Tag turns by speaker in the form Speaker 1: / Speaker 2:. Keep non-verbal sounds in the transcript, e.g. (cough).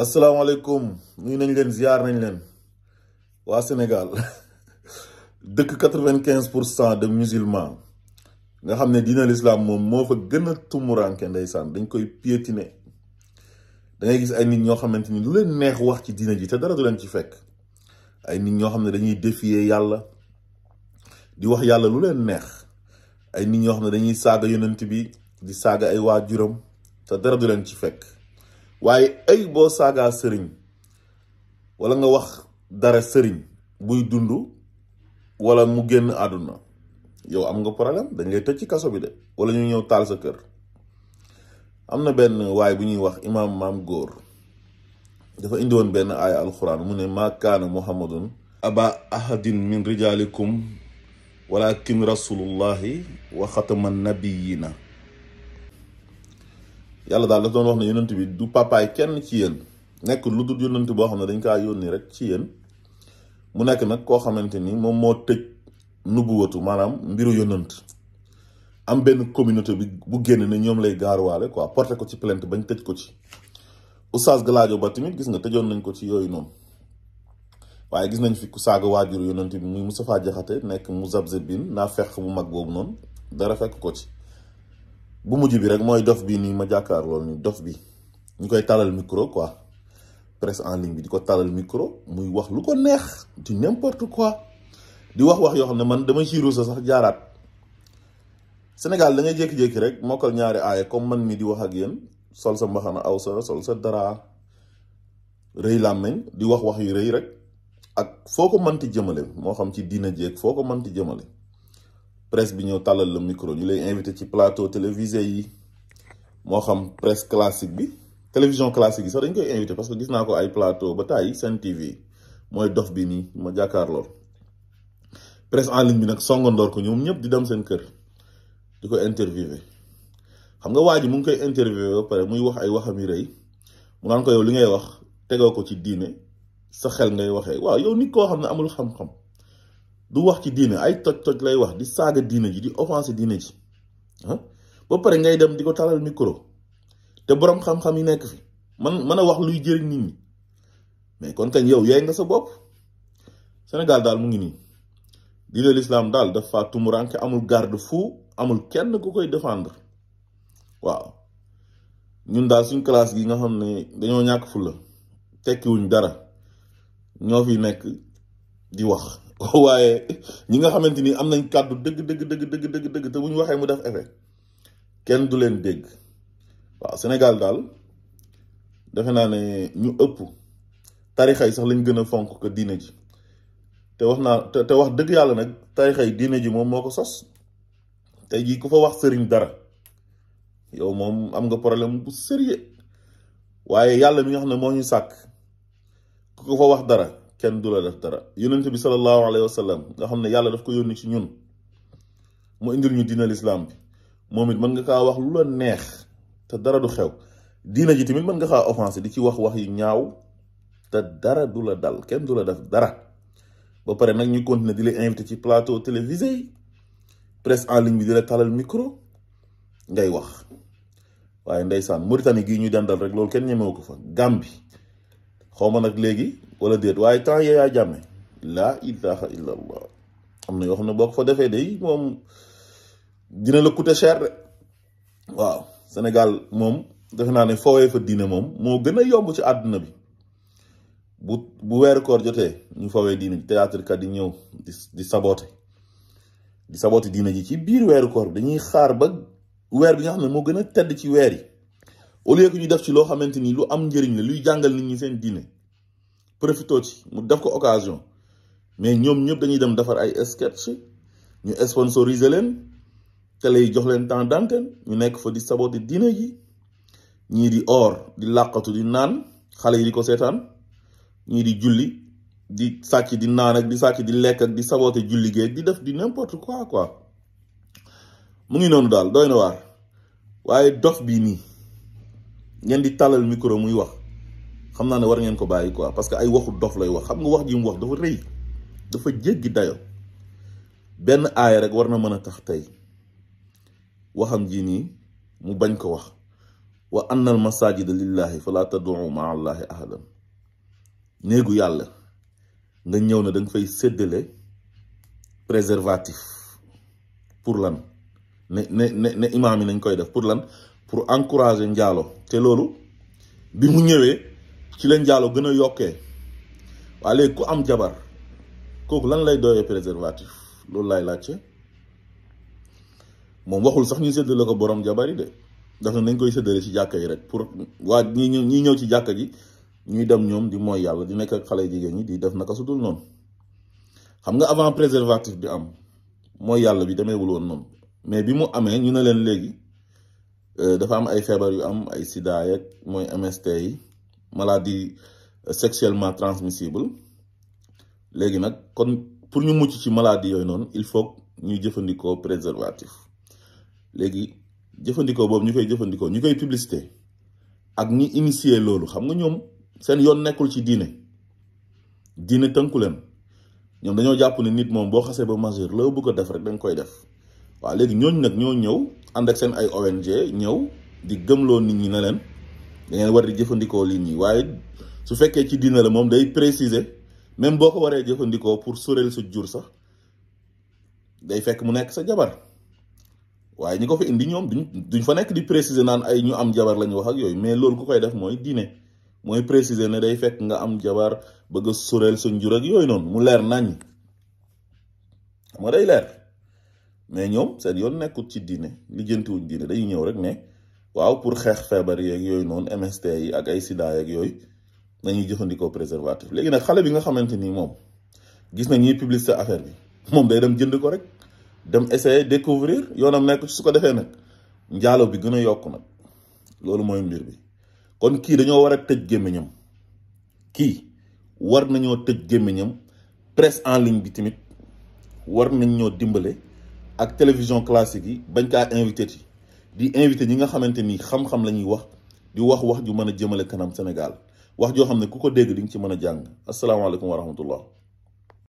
Speaker 1: asalaamaaleykum nuyu nañ leen ziar nañ leen waa Sénégal (laughs) dëkk quatre-vingt-quinze pour cent de musulmans nga xam ne dina lislaam moom moo fa gën a tumuranke ndeysaan dañ koy piétiner da gis ay nit ñoo xamante ni lu leen neex wax ci diina ji te dara du leen ci fekk ay nit ñoo xam ne dañuy défier yàlla di wax yàlla lu leen neex ay nit ñoo xam ne dañuy saaga yonent bi di saaga ay waajuram te dara du leen ci fekk waaye ay boo saagaa sëriñ wala nga wax dara sëriñ buy dund walla mu génn àdduna yow am nga problème dañ lay tëj ci kaso bi de wala ñu ñëw taal sa kër am na benn waay bu ñuy wax imaam maam góor dafa indi woon benn aaya alxuraan mu ne maa kaana muhammadun aba ahadin min rijaalikum walakin rasulullahi wa xatama nabiyina yàlla daal daf doon wax ne yonent bi du papaay kenn ci yéen nekk lu dul yonent boo xam ne dañ kaa yónni rek ci yéen mu nekk nag koo xamante ni moom moo tëj nubuwatu maanaam mbiru yonent am benn communauté bi bu génn ne ñoom lay gaaruwaale ko porté ko ci plainte bañ tëj ko ci oustaz Galaajo ba tamit gis nga tëjoon nañ ko ci yooyu noonu waaye gis nañ fi ku saaga waajur yonent bi muy Moustapha Jaxate nekk mu zabzebin naa fekk bu mag boobu noonu dara fekk ko ci bu mujj bi rek mooy dof bi nii ma jàkkaar loolu nii dof bi ñu koy talal micro quoi presse en ligne bi di ko talal micro muy wax lu ko neex di n'importe quoi di wax wax yoo xam ne man dama ciy ruus sax jaaraat Sénégal da ngay jékki-jékki rek mokkal ñaari aaye comme man mi di wax ak yéen sol sa mbaxana aw sa sol sa dara rëy làmmeñ di wax wax yu rëy rek ak foo ko mënti jëmale moo xam ci diina jéeg foo ko mënti jëmale presse bi ñëw tàllal la micro ñu lay invité ci plateau télévisé yi moo xam presse classique bi télévision classique yi sax dañ koy invité parce que gis naa ko ay plateau ba tàyyi Sen TV mooy dof bi nii ma jàkkaarloo presse en ligne bi nag songandoor ko ñoom ñëpp di dem seen kër di ko interviewé xam nga waa ji mu ngi koy interviewé ba pare muy wax ay waxam yu rëy mu naan ko yow li ngay wax tegoo ko ci diine sa xel ngay waxee waaw yow nit koo xam ne amul xam du wax ci diine ay toj toj lay wax di saga diine ji di offenser diine ji ah ba pare ngay dem di ko talal micro te borom xam-xam yi nek fi man mën wax luy jëriñ nit ñi mais kon kan yow yey nga sa bop senegal dal mu ngi nii diine l'islam daal dafa tumuranke amul garde fou amul kenn ku koy défendre waaw ñun dal suñu classe gi nga xam ne fu la tekki wuñ dara ñoo fi di wax (laughs) waaye ñi nga xamante ni am nañ kàddu dëgg dëgg dëgg dëgg dëgg te bu ñu waxee mu def effet kenn du leen dégg waaw Sénégal daal defe naa ne ñu ëpp tarixa yi sax lañ gën a fonk ko diine ji te wax naa te wax dëgg yàlla nag tarixa yi diine ji moom moo ko sos tey jii ku fa wax sëriñ dara yow moom am nga problème bu sérieux waaye yàlla mi nga xam ne moo ñu sàkk ku ko fa wax dara kenn du la def dara yonent bi sallallahu alayhi wa sallam nga xam ne yàlla daf ko yónni ci ñun mu indil ñu diina lislaam bi moom it mën nga kaa wax lu la neex te dara du xew diina ji tamit mën nga kaa offensé di ci wax wax yi ñaaw te dara du la dal kenn du la def dara ba pare nag ñu continuer di la invité ci plateau télévisé yi presse en ligne bi di la talal micro ngay wax waaye ndeysaan Mauritanie gii ñuy dendal rek loolu kenn ñemewu ko fa Gambie xawma nak legui wala déet waaye temps ya yaa jàmme la ilaha illa allah amna yo xamna bok fa defé day mom dina la coûter cher de waaw Sénégal mom defe naa ne foowee fa dina mom mo gëna yomb ci aduna bi bu bu wër koor jotee ñu foowee diine ji théâtre kat di ñëw di di sabote di saboter dina ji ci biir wër koor dañuy xaar ba wër bi nga xam mo gëna tedd ci wër yi au lieu que ñu def ci loo xamante ni lu am njëriñ la luy jàngal nit ñi seen diine profitoo ci mu def ko occasion mais ñoom ñëpp dañuy dem defar ay sketch ñu sponsoriser leen télé yi jox leen temps d'antenne ñu nekk fa di saboter diine ji ñii di or di làqatu di naan xale yi di ko seetaan ñii di julli di sàcc di naan ak di sàcc di lekk ak di sabote julli géej di def di n'importe quoi quoi mu ngi noonu daal doy na waar waaye dof bii nii. ngeen di tàllal micro muy wax xam naa ne war ngeen ko bàyyi quoi parce que ay waxu dof lay wax xam nga wax ji mu wax dafa rëy dafa jéggi dayo benn aaya rek war na mën a tax tey waxam ji nii mu bañ ko wax wa anna al masajida lillahi fala tad'u ma allahi ahadan néegu yàlla nga ñëw na danga fay séddale préservatif pour lan ne ne ne ne imaam yi nañ koy def pour lan pour encourager Ndiallo te loolu bi mu ñëwee ci la njaalo gën a yokkee waa léegi ku am jabar kooku lan lay dooyee préservatif loolu laay laajte moom waxul sax ñu la ko borom jabar yi de daf nañ koy séddale ci jàkka yi rek pour waa ñi ñii ñëw ci jàkka ji ñuy dem ñoom di mooy yàlla di nekk ak xale jigéen ñi di def naka su dul noonu xam nga avant préservatif bi am mooy yàlla bi demeewul woon noonu mais bi mu amee ñu ne leen léegi. Euh, dafa am ay feebar yu am ay sida yeeg mooy MST yi maladie euh, sexuellement transmissible léegi nag kon pour ñu mucc ci maladie yooyu noonu il faut ñu jëfandikoo préservatif léegi jëfandikoo boobu ñu koy jëfandikoo ñu koy publicité ak ñi initier loolu xam nga ñoom seen yoon nekkul ci diine diine tënku leen ñoom dañoo jàpp ne nit moom boo xasee ba majeur loo bëgg a def rek da nga koy def. waa léegi ñooñu nag ñoo ñëw ànd ak seen ay ONG ñëw di gëm gëmloo nit ñi ne leen dangeen war di jëfandikoo lii nii waaye su fekkee ci diina la moom day préciser même boo ko waree jëfandikoo pour soreel su jur sax day fekk mu nekk sa jabar waaye ñu ko fa indi ñoom duñ duñ fa nekk di préciser naan ay ñu am jabar la ñu wax ak yooyu mais loolu ku koy def mooy diine mooy préciser ne day fekk nga am jabar bëgg a soreel sa njur ak yooyu noonu mu leer naññ moo mais ñoom seen yoon nekkut ci diine lijjantiwuñ diine dañuy ñëw rek ne waaw pour xeex feebar yeeg yooyu noonu MST yi ak ay sida yeeg yooyu nañuy jëfandikoo préservative léegi nag xale bi nga xamante nii moom gis na ñuy publicité affaire bi moom day dem jënd ko rek dem essayer découvrir yoonam nekk su ko defee nag njaalo bi gën a yokk nag loolu mooy mbir bi kon kii dañoo war a tëj gémmiñam kii war nañoo tëj gémmiñam presse en ligne bi tamit war nañ ñoo dimbale ak télévision classique yi bañ kaa invité ci di invité ñi nga xamante ni xam-xam la ñuy wax di wax wax ju mën a jëmale kanam Sénégal wax joo xam ne ku ko dégg di nga ci mën a jàng asalaamaaleykum wa rahmatullah